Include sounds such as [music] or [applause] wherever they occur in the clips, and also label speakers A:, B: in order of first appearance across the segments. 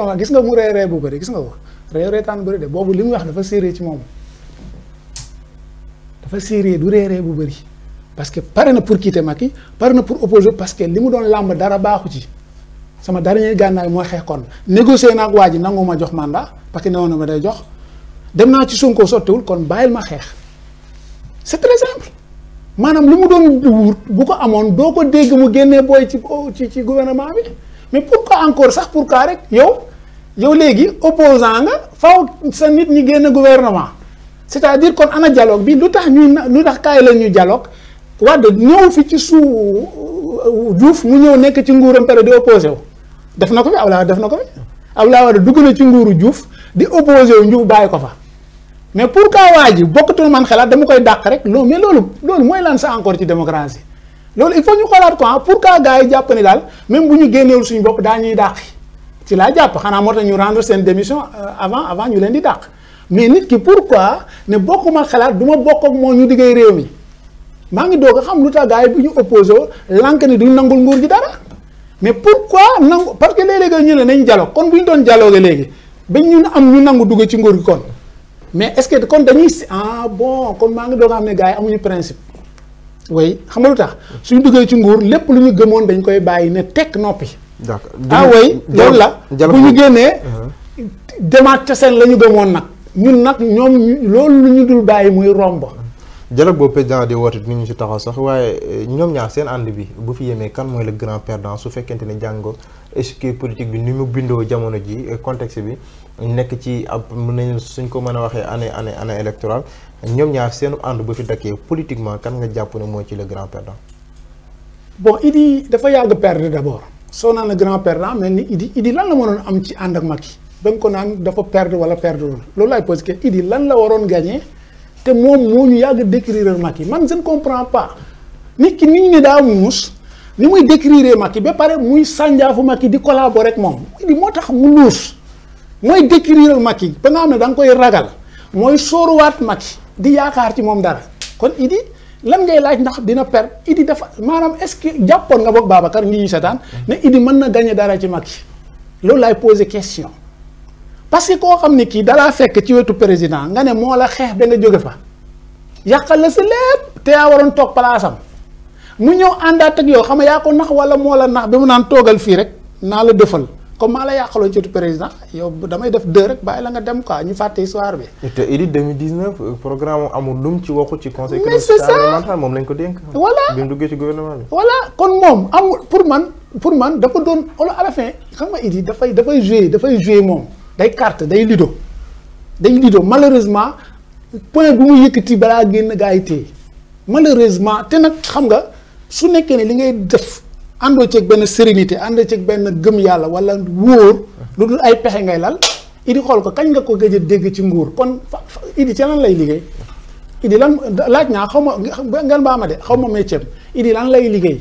A: comment gis nga mu ree ree bu bëri gis nga ko ree reetaan bëri de boobu li mu wax dafa séeréer ci moom dafa séeréer du ree ree bu bëri parce que pare na pour quitter Macky pare na pour opposer parce que li mu doon làmb dara baaxu ci sama dernier gànnaay mooy xeexoon négocier naag waa ji nangu ma jox mandat parce que newoon na ma day jox dem naa ci Sonko sottiwul kon bàyyil ma xeex c'est très simple maanaam li mu doon wut bu ko amoon doo ko dégg mu génnee booy ci ci ci gouvernement bi mais pourquoi encore sax pourquoi rek yow yow léegi opposant nga faw sa nit ñi génn gouvernement c'est-à-dire kon ana dialogue bi lu tax ñuy lu tax kaay la ñuy dialogue Wade ñëw fi ci suu euh, Diouf mu ñëw nekk ci nguuram période di opposé wu def na ko fi Abdoulaye def na ko fi Abdoulaye Wade dugg na ci nguuru juuf di opposé wu Diouf bàyyi ko fa mais pour que waa ji bokkatul man xalaat dama koy dàq rek loolu mais loolu loolu mooy lan sa encore ci démocratie loolu il faut ñu xoolaat quoi pour que gars yi jàpp daal même bu ñu génneewul suñu bopp daa ñuy dàqi ci laa jàpp xanaa moo tax ñu rendre seen démission euh, avant avant ñu leen di dàq mais nit ki pourquoi ne bokkuma xalaat du ma bokk ak moo ñu diggee réew mi maa ngi doog a xam lu tax gars yi bu ñu opposé lànk ni duñ nangul nguur gi dara mais pourquoi nangu parce que léeg-léeg ne nañ dialogue kon bu ñu doon dialogue léegi ba ñun am ñu nangu duggee ci nguur gi kon mais est-ce que kon dañuy ah bon kon maa ngi doog a xam ne gars yi amuñu principe way xam nga lu tax suñu duggee ci nguur lépp lu ñu gëmoon dañ koy bàyyi ne teg noppi.
B: d'accord ah oui loolu la bu ñu génnee uh-huh.
A: demaat ca seen la ñu demoon nag ñun nag ñoom loolu lu ñu dul bàyyi muy romb dialogue
B: uh-huh. boobu président di woote dinañu ci taxaw sax waaye eh, ñoom ñaar seen ànd bi bu fi yemee kan mooy le grand perdon su fekkente ne jàngo échiquier politique bi ni mu bindoo jamono ji eh, contexte bi nekk ci ab mën nañu suñ ko mën a waxee année année année électorale ñoom ñaar seen ànd bu fi dakkee politiquement kan nga jàpp ne mooy ci le grand perdant.
A: it Idy dafa yàgg perdre d'abord. soo naan grand perdant mel ni Idi Idi lan la mënoon am ci ànd ak Macky da nga ko naan dafa perdre wala perdre loolu loolu laay posé que Idi lan la waroon gagné te moom moo ñu yàgg décrire yi man seen ne comprends pas nit ki nit ñi daa muus ni muy décrire Macky ba pare muy sànjaafu Macky di collaborer rek moom Idi moo tax mu nuus mooy décrire Macky ba nga xam ne da nga koy ragal mooy sóoruwaat Macky di yaakaar ci moom dara kon Idi. lan ngay laaj ndax dina per Idi dafa maanaam est-ce que jàppoon nga boog Babacar ñi ñu seetaan ne Idi mën na gagné dara ci Macky loolu laay posé question parce que koo xam ne kii dalaa fekk ci wetu président nga ne moo la xeex ba nga jóge fa yàqal la si lépp te yaa waroon toog palaasam mu ñëw àndaat ak yow xam nga yaa ko nax wala moo la nax bi mu naan toogal fii rek naa la dëfal comme maa la yàqaloo ci président
B: yow damay def deux rek bàyyi la nga dem quoi ñu fàtte histoire bi. te Idy 2019 euh, programme amul ci waxu moom lañ ko dénk. voilà bi mu duggee ci gouvernement bi.
A: voilà kon moom amul pour man pour man dafa doon wala à xam nga Idy dafay dafay jouer dafay jouer moom day carte day lido day lido malheureusement point bu mu yëkkati balaa génn gaa yi téye malheureusement te nag xam nga su nekkee ne li ngay def. àndoo ceeg benn sérénité àndoo ceeg benn gëm yàlla wala wóor lu dul ay pexe ngay lal idi xool ko kañ nga ko gëj dégg ci nguur kon fa idi ci lan lay liggéey idi lan laaj naa xaw ma ngeen baama de xaw ma métier idi lan lay liggéey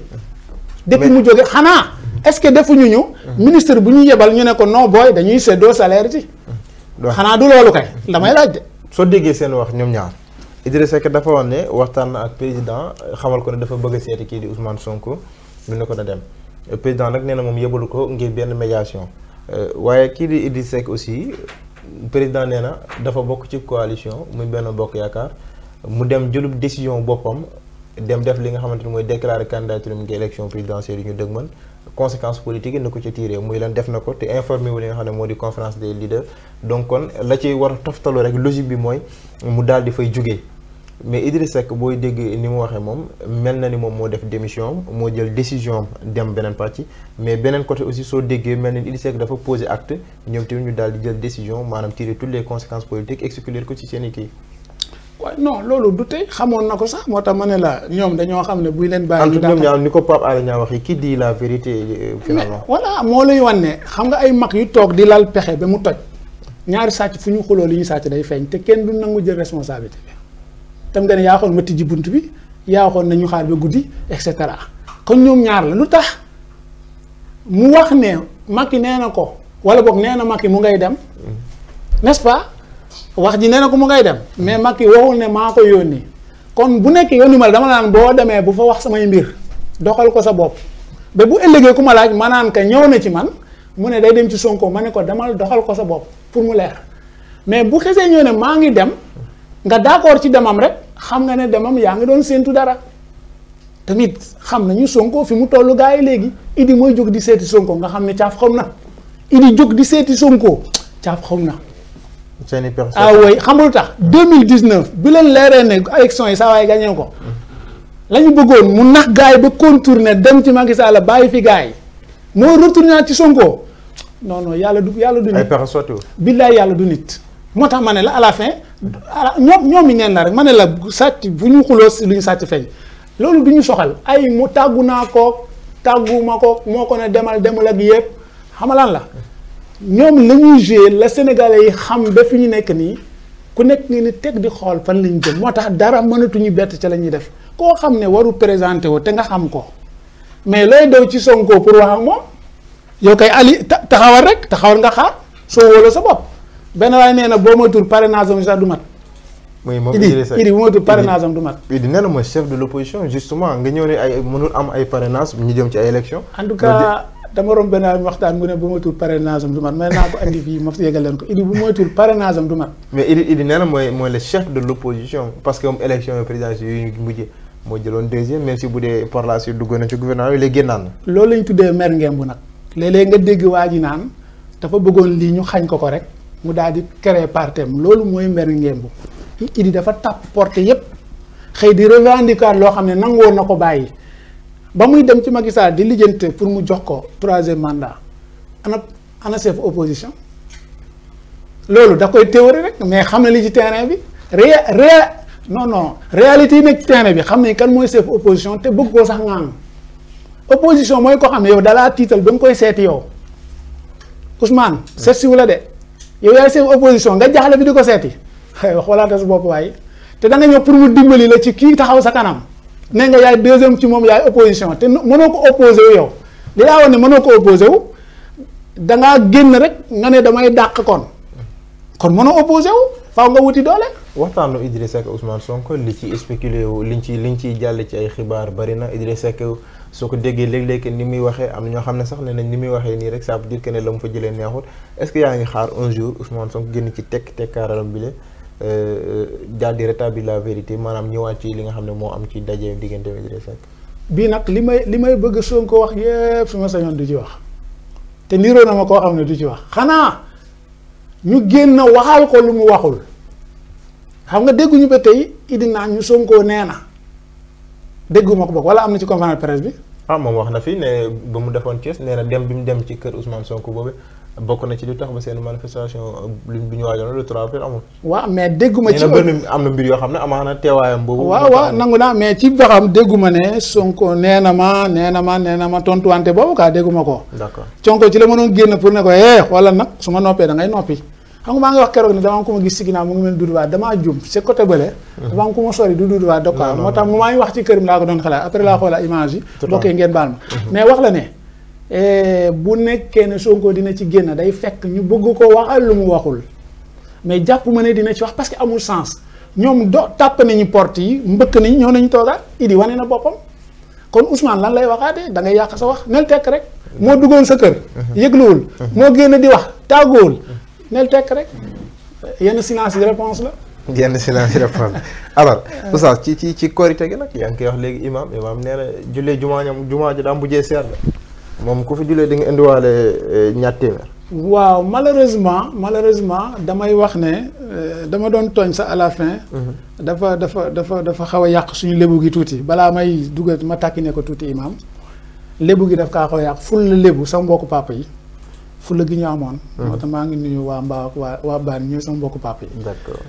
A: depuis mu jóge xanaa est-ce que defuñu ñu mm-hmm. ministre bu ñu yebal ñu ne ko non booy dañuy
B: seddoo salaire ci mm-hmm. xanaa du loolu kay damay laaj de soo déggee seen wax ñoom ñaar Idrissa Seck dafa wax ne waxtaan na ak président xamal ko ne dafa bëgg a seeti kii di Ousmane Sonko bi na ko na dem président nag nee na moom yebalu ko ngir benn médiation euh, waaye kii di Idriss Seck aussi président nee na dafa bokk ci coalition muy benn bokk yaakaar mu dem jëlub décision boppam dem def li nga xamante ni mooy déclarer candidature mu ngi élection présidentielle yi ñu dëgmal conséquence politique yi na ko ci tiré muy leen def na ko te informé wu li nga xam ne moo di conférence des leaders donc kon la ci war a rek logique bi mooy mu daal di fay jugee. mais Idriss Seck booy dégg ni mu waxee moom mel na ni moom moo def démission moo jël décision dem beneen parti mais beneen côté aussi soo déggee mel na ni Idriss dafa poser acte ñoom tamit ñu daal di jël décision maanaam tirer toutes les conséquences politiques exécuter ko ci seen i kii.
A: waaw no loolu du tey xamoon na ko sax moo tax ma ne la ñoom dañoo xam ne buy leen bàyyi. ñu daanaka
B: ni ko Pape Alé wax waxee kii di la vérité euh, finalement.
A: voilà moo lay wan ne xam nga ay mag yu toog di lal pexe ba mu toj ñaari sàcc fu ñu xuloo li ñu sàcc day te kenn du nangu jël responsabilité bi. tam nga ne yaa waxoon ma tijji bunt bi yaaxoon nañu na ñu xaar ba guddi et cetera kon ñoom ñaar la lu tax mu wax ne Macky nee na ko wala boog nee na Macky mu ngay dem n'est-ce pas wax ji nee na ko mu ngay dem mais Macky waxul ne maa ko yónni kon bu nekk yónni ma la dama naan boo demee bu fa wax samay mbir doxal ko sa bopp ba bu ëllëgee ku ma laaj ma naan ka ñëw na ci man mu ne day dem ci Sonko ma ne ko demal doxal ko sa bopp pour mu leer mais bu xesee ñëw ne maa ngi dem. nga d'accord ci demam rek xam nga ne demam yaa ngi doon séentu dara tamit xam nañu sonkoo fi mu tollu gars yi léegi Idi mooy jóg di seeti Sonko nga xam ne caaf xam na Idi jóg di seeti Sonko caaf xam na. seeni personne ah oui xam nga lu tax 2019 bi leen leeree ne élection yi saa waay gagné ko mm-hmm. la ñu bëggoon mu nax gaa yi ba contourner dem ci Macky Sall bàyyi fi gars yi moo naa ci Sonko non yàlla du yàlla du nit. ay pexe sottiwul billaay yàlla du nit. moo tax ma ne la à la fin ñoom ñoom yi neen na rek ma ne la sàcc bu ñu xuloo si lu ñu sàcc feeñ loolu du ñu soxal ay mu tàggu naa ko tàggu ko moo ko ne demal demul ak yëpp xamalaan la ñoom la ñuy joué la sénégalais yi xam ba fi ñu nekk nii ku nekk nga ni teg di xool fan lañ jëm moo tax dara mënatuñu bett ca la ñuy def koo xam ne waru présenté wu te nga xam ko mais looy daw ci Sonko pour wax ak moom yow kay Ali taxawal rek taxawal nga xaar
B: soo wóolu sa bopp. benn waaye nee na boo ma tur parrainage am sax du mat. muy moom Idrissa Idi Idi bu ma tur parrainage am du mat. mooy chef de l' justement nga ñëw ne ay mënul am ay parrainage ñu jëm ci ay élection en tout cas dama romb benn waaye waxtaan mu ne bu ma tur parrainage am du mat mais naa ko
A: andi fii ma yeggal leen ko Idi bu ma tur du mat.
B: mais Idi Idi nee na mooy mooy le chef de l' opposition parce que moom élection présidentielle yooyu ñu mujjee moo jëloon deuxième même si bu dee par la suite dugg na ci gouvernement bi léegi génnaan na.
A: loolu la ñu tuddee mer nga dégg waa ji naan dafa bëggoon lii ñu xañ ko ko rek mu daal di créer partem loolu mooy mer ngémb Idi dafa tàpp porte yépp xëy di revendiquer loo xam ne nangoo na ko bàyyi ba muy dem ci Macky Sall di lijjante pour mu jox ko troisième mandat ana ana chef opposition loolu da koy théorie rek mais xam na li ci terrain bi ré ré non non réalité yi nekk ci terrain bi xam ne kan mooy chef opposition te bëgg koo sax nga opposition mooy ko xam ne yow dalaa tiital ba nga koy seeti yow Ousmane seet si la de yow yaay seen opposition nga jaaxle bi di ko seeti xoolaate sa bopp waaye te da nga ñëw pour mu dimbali la ci kii taxaw sa kanam ne nga yaay deuxième ci moom yaay opposition te mënoo ko opposé wu yow li laa wax ne mënoo ko opposé wu dangaa génn rek nga ne damay dàq kon kon mënoo opposé wu faaw nga wuti doole.
B: waxtaanu Idrissa Seck Ousmane Sonko li ci spéculé wu liñ ci liñ ciy jàll ci ay xibaar bari na Idrissa Seck soo ko déggee léeg-léeg ni muy waxee am na ñoo xam ne sax ne nañ ni muy waxee nii rek ça veut dire que ne la mu fa jëlee neexul est-ce que yaa ngi xaar un jour Ousmane Sonko génn ci tekk tekkaaralam bi la euh, daal di rétablir la vérité maanaam ñëwaat ci li nga xam ne moo am ci daje diggante bi Idrissa Seck
A: bii nag li may li may bëgg Sonko wax yépp su ma sañoon du ci wax te niroo na ma koo xam ne du ci wax xanaa ñu génn waxal ko lu mu waxul xam nga dégguñu ba tey idi naa ñu Sonko nee na
B: dégguma ko bokk wala am na ci conférence presse bi. ah moom wax na fi ne ba mu defoon Thiès nee na dem bi mu dem ci kër Ousmane Sonko boobu bokk na ci lu tax ba seen manifestation bi ñu waajoon le
A: mais dégguma na
B: am na mbir yoo xam ne amaana teewaayam boobu. waaw
A: waaw nangu naa mais ci baxam dégguma ne Sonko nee na ma nee na ma nee na ma tontuwante boobu kaa dégguma ko. d'accord Sonko ci la mënoon génn pour ne ko eh wala nag su ma noppee da ngay noppi. xam maa ngi wax keroog ne dama am ku ma gis si ginnaaw mu ngi mel Doudou damaa jum ci côté bële dama ma sori du Doudou Wade da quoi moo tax mu maa ngi wax ci kërim laa ko doon xalaat après laa mm-hmm. xoola image yi bokkee ngeen baal ma mm-hmm. mais wax la ne eh, bu nekkee ne Sonko dina ci génn day fekk ñu bëgg ko waxal lu mu waxul mais jàpp ma ne dina ci wax parce que amul sens ñoom do tàpp nañu port yi mbëkk nañu ñoo nañu toogaat idi wane na boppam kon Ousmane lan lay waxaatee da ngay yàq sa wax nel tekk rek mm-hmm. moo duggoon sa kër yëgluwul moo génn di wax tàggoowul nel tekk rek
B: yenn silence yi réponse la. yenn silence yi réponse la alors. oustaz ci ci ci korite gi nag yaa ngi koy wax léegi imaam imaam nee na jullee jumaa ñam jumaa ji daam bu jee seer la moom ku fi jullee di nga indiwaale eh, ñaar téeméer.
A: waaw malheureusement malheureusement damay wax ne eh, dama doon tooñ sa à la fin. Mhm. dafa dafa dafa dafa xaw a yàq suñu lébu gi tuuti balaa may dugal ma tàkki ne ko tuuti imaam lébu gi daf kaa xaw yàq ful la lébu sa yi. fulla gi ñu amoon. Hmm. moo tax maa ngi nuyu waa mbaa waa waa baan ñooy sama mbokku papa yi. d'accord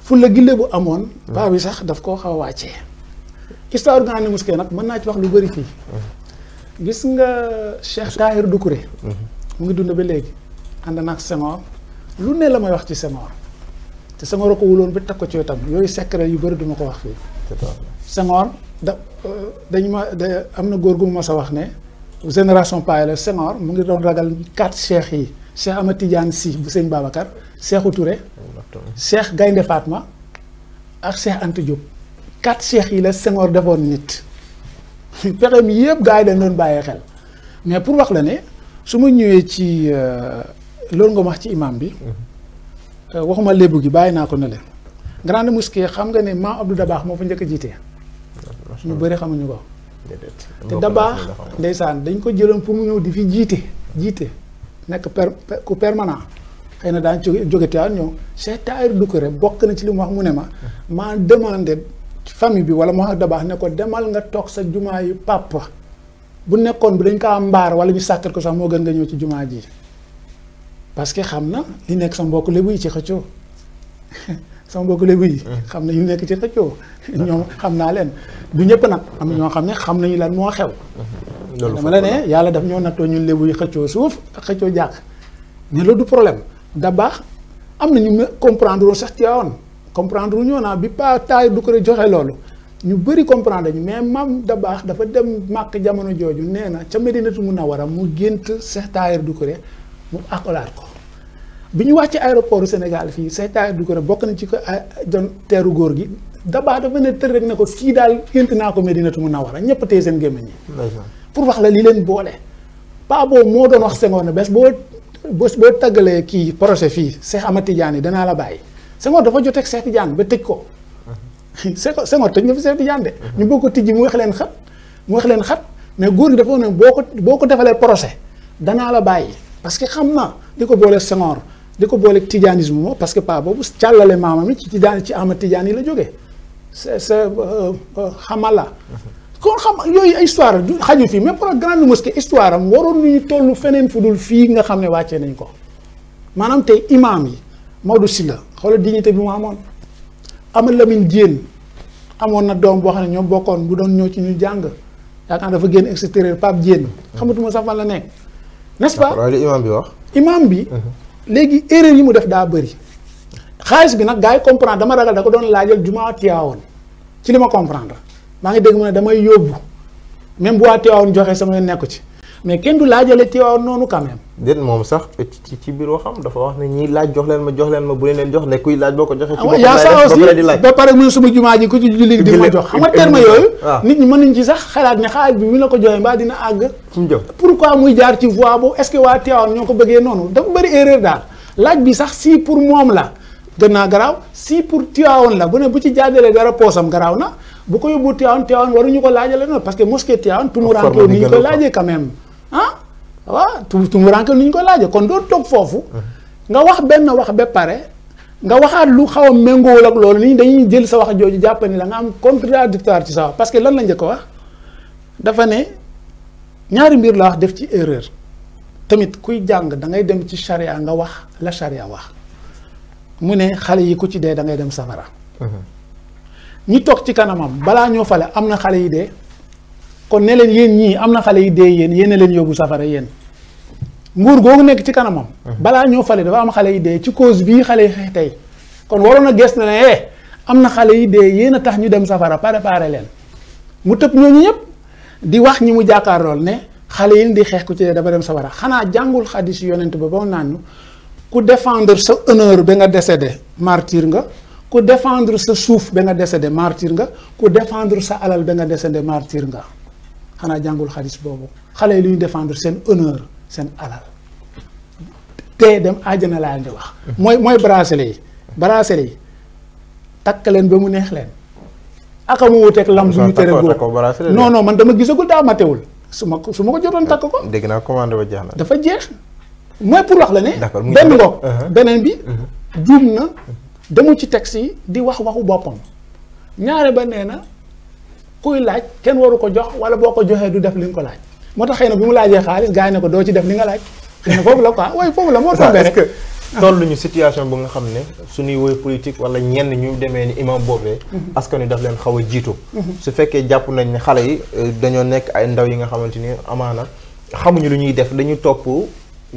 A: fulla gi lébu amoon. Hmm. paa bi sax daf koo xaw a wàccee. histoire Grande Mosquée nag mën naa ci wax lu bëri fii.
B: Hmm.
A: gis nga Cheikh Tahir Doucouré. mu ngi dund ba léegi. ànd naag Senghor lu ne la may wax ci Senghor te Senghor a ko wuloon ba teg ko ci wetam yooyu secret yu bëri duma ko wax fii. Senghor da euh, dañu ma am na góor gu ma sa wax ne. génération PALS Senghor mu ngi doon ragal quatre cheikh yi cheikh Ahmed Tidiane Sy bu sëñ Babacar cheikhu Touré cheikh Gaynde ma ak cheikh Anta Diop quatre cheikh yi la Senghor defoon nit [laughs] pexem yëpp gars yi dañ doon bàyyee xel mais pour wax la ne su ma ñëwee ci euh, loolu nga wax ci imam bi euh, waxuma lébu gi bàyyi naa ko ne leen grande mosquée xam nga ne maam Abdou baax moo fa njëkk jiite jiitee ñu bëri xamuñu ko te dabaax ndeysaan dañ ko jëloon pour mu ñëw di fi jiite jiite nekk per ku permanant xëy na daan jóge jóge te ñëw Cheikh Tahir Doucouré bokk na ci li mu wax mu ne ma maa demande famille bi wala mu wax ak dabaax ne ko demal nga toog sa jumaa yu pàppa bu nekkoon bi dañ ko am mbaar wala ñu sàkkal ko sax moo gën nga ñëw ci jumaa ji parce que xam na li nekk sa mbokk lébu yi ci xëccoo [laughs] sama mbokk léegi yi mm. xam na nañu nekk ci xëccoo ñoom xam naa leen du ñëpp nag am ñoo xam ne xam nañu lan moo xew
B: mm-hmm. dama la
A: ne yàlla daf ñoo nattoo ñun lébu yi xëccoo suuf xëccoo jàkk ne loolu du problème da baax am na ñu comprendre woon sax ah, Tiwaawan comprendre wu ñoo naa bi pas taay du ko joxe loolu ñu bëri comprendre ñu mais maam da baax dafa dem màkk jamono jooju nee na ca Medinatu Munawara mu gént Seex Taayir Dukure mu akolaat ko bi ñu wàccee aéroport Sénégal fii seetaan du ko bokk na ci ko doon ah, teeru góor gi dabaa dafa ne tër rek ne ko fii daal gént naa ko Medinatu Munawara ñëpp tey seen gémmiñ ñi pour wax la li leen boole. paa boobu moo doon wax Senghor na bés boo bés boo tàggalee kii projet fii Cheikh Ahmed Tidiane danaa la bàyyi Senghor dafa joteeg Cheikh Tidiane ba tëj ko. Mhm. [laughs] Senghor tëj na fi Cheikh Tidiane de. Mhm. ñu bëgg ko tijji mu wax leen xat mu wax leen xat mais góor gi dafa ne boo ko boo ko defalee projet danaa la bàyyi parce que xam na li ko boole Senghor. di ko booleeg tijanisme moom parce que pa boobu càllale maamam yi ci tijaan ci ama tijaan yi la jógee euh, c'est euh, c'est xamala kon xam yooyu histoire du xaju fii mais pour grande mosquée histoire am waroon nañu toll feneen fu dul fii nga xam ne wàccee nañ ko maanaam tey imaam yi Maodo Sylla xoolal dignité bi mu amoon am ama Lamine Diène amoon na doom boo xam ne ñoom bokkoon bu doon ñëw ci ñu jàng yaakaar dafa génn extérieur Pape Diène xamatuma sax fan la nekk n'est-ce pas imaam bi bi léegi erreur yi mu def daa bëri xaalis bi nag gaa yi comprendre dama ragal da ko doon laajal jumaa Tiwaawoon ci li ma comprendre maa ngi dégg mu ne damay yóbbu même bu waa Tiwaawoon joxe sama nekku ci mais kenn du laajale Tiwaawan noonu quand
B: même. moom sax ci ci biir waxam dafa wax ne ñiy laaj jox leen ma jox leen ma bu leen leen jox ne kuy laaj boo ko joxee. ci ah yaa sa aussi
A: ba pare mu ne suma jumaa ji ku jox xam nga ah. dina àgg. pourquoi muy jaar ci voie boobu waa Tiwaawan ko bëggee noonu dafa bëri erreur daal laaj bi sax si pour moom la gën naa garaaw si pour Tiwaawan la bu ne bu ci jàddalee dara poosam garaaw na bu ko yóbbu Tiwaawan Tiwaawan waruñu ko laajale noonu parce que mosquée Tiwaawan tumuraanke waaw tu tumuraanke ni ñu ko laajee kon doo toog foofu nga wax benn wax ba pare nga waxaat lu xaw a méngoowul ak loolu nii dañuy jël sa wax jooju jàpp ni la nga am contradictoire ci sa wax parce que lan la njëkk a wax dafa ne ñaari mbir la wax def ci erreur tamit kuy jàng da ngay dem ci charia nga wax la charia wax mu ne xale yi ku ci dee da ngay dem safara mhm. ñi toog ci kanamam balaa ñoo fale am na xale yi de kon ne leen yéen ñii am na xale yi dee yéen yéen leen yóbbu safara yéen nguur googu nekk ci kanamam. balaa ñoo fale dafa am xale yi dee ci cause bii xale yi xeex tey kon waroon a gis na ne eh, am na xale yi dee yéen a tax ñu dem safara préparé leen mu tëb ñooñu ñëpp di wax ñi mu jàkkaarlool ne xale yi di xeex ku ci dee dafa dem safara xanaa jàngul xadis yonent ba ba naan ku defendre sa honneur ba nga décédé martyr nga. ku défendre sa suuf ba nga décédé martyr nga ku défendre sa alal ba nga décédé martyr nga. xanaa jàngul xalis boobu xale yi lu ñu défendre seen honneur seen alal te dem àjjana laa di wax. mooy mooy bracelet yi bracelet yi takk leen ba mu neex leen. akamu wuuteeg lam bu ñu tere
B: góor non non
A: man dama gisagul daa matewul su ma su ma ko jotoon takk ko.
B: dégg naa commande ba
A: dafa jeex mooy pour wax la ne. benn ngoog uh-huh. beneen bi. Uh-huh. juum na demu ci texte yi di wax waxu boppam ñaare ba nee na. kuy laaj kenn waru ko jox wala boo ko joxee du def li nga ko laaj moo tax xëy na bi mu laajee xaalis gars yi ne ko doo ci def li nga laaj xëy na foofu la quoi waaye foofu la moo tombé rek
B: ñu situation bu nga xam ne suñuy woy politique wala ñenn ñu demee ni imam boobee mhm. askan wi daf leen xaw jiito mhm. su fekkee jàpp nañ ne xale yi euh, dañoo nekk ay ndaw yi nga xamante ni amaana xamuñu lu ñuy def dañu topp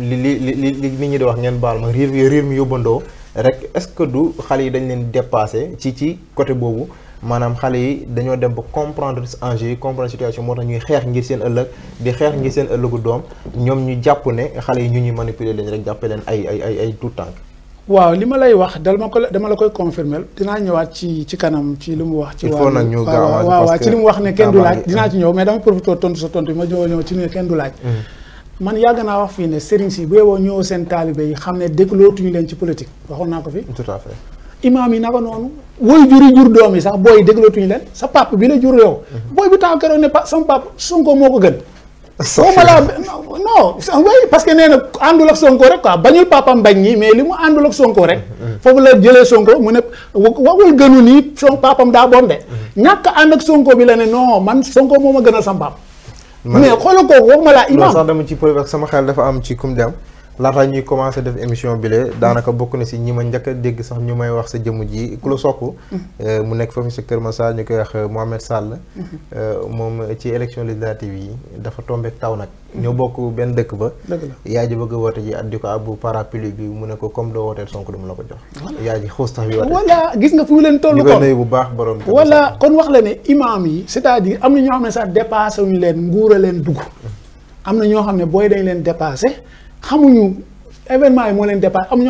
B: li li li li nit ñi di wax ngeen baal ma riir riir mi yóbbandoo rek est-ce que du xale yi dañ leen dépassé ci ci côté boobu maanaam xale yi dañoo dem ba comprendre enjeu yi comprendre situation moo tax ñuy xeex ngir seen ëllëg di xeex ngir seen ëllëgu doom ñoom ñu jàpp ne xale yi ñu ñuy manipuler leen rek jàppe leen ay ay tout temps.
A: waaw li ma lay wax dal ma ko la dama la koy confirmer dinaa ñëwaat ci ci kanam ci li mu wax. ci wàllu waaw waaw ci li mu wax ne kenn du dinaa ci ñëw mais dama profité tontu sa tontu bi ma ñëw ñëw ci ne kenn du laaj. Mm. man yàgg naa wax fii ne sëriñ si bu yeboo leen ci politique waxoon naa ko fi. tout à imaam yi naka noonu woy juri jur doom yi sax booy déglootuñu leen sa pap bi la jur yow booy bu taxaw keroog ne Sonko moo ko gën boo ma laa non parce que nee na àndul ak Sonko rek quoi bañul papam bañ ñi mais li mu àndul ak Sonko rek mm-hmm. Mm-hmm. foofu la jëlee Sonko mu ne waxul gënu nii son papam daa bon
B: de mm-hmm. ñàkk ànd ak Sonko bi
A: la ne non man Sonko moo ma gënal sama pap
B: mais xoolal kooku waxuma laa imaam loolu sax ci preuve ak sama xel dafa am ci kum dem laataa ñuy commencé def émission bi la daanaka bokk na si ñi ma njëkk dégg sax ñu may wax sa jëmm ji ku la sokk mm-hmm. eh, mu nekk foofu si Kër Massar ñu koy wax eh, Mohamed Sall mm-hmm. eh, moom ci élection législative yi dafa tombé taw nag mm-hmm. ñoo bokk benn dëkk ba yaay ji bëgg a woote ji at di ko abbu parapluie bi mu ne ko comme doo wooteel Sonko du mu la ko jox yaay ji xuus tax bi woote
A: gis nga fu mu leen toll kon bu baax borom voilà kon wax la ne imam yi c'est-à-dire am na ñoo xam ne sax dépassé leen nguur leen dugg am na ñoo xam ne booy dañ leen dépassé xamuñu événement yi moo leen dépassé am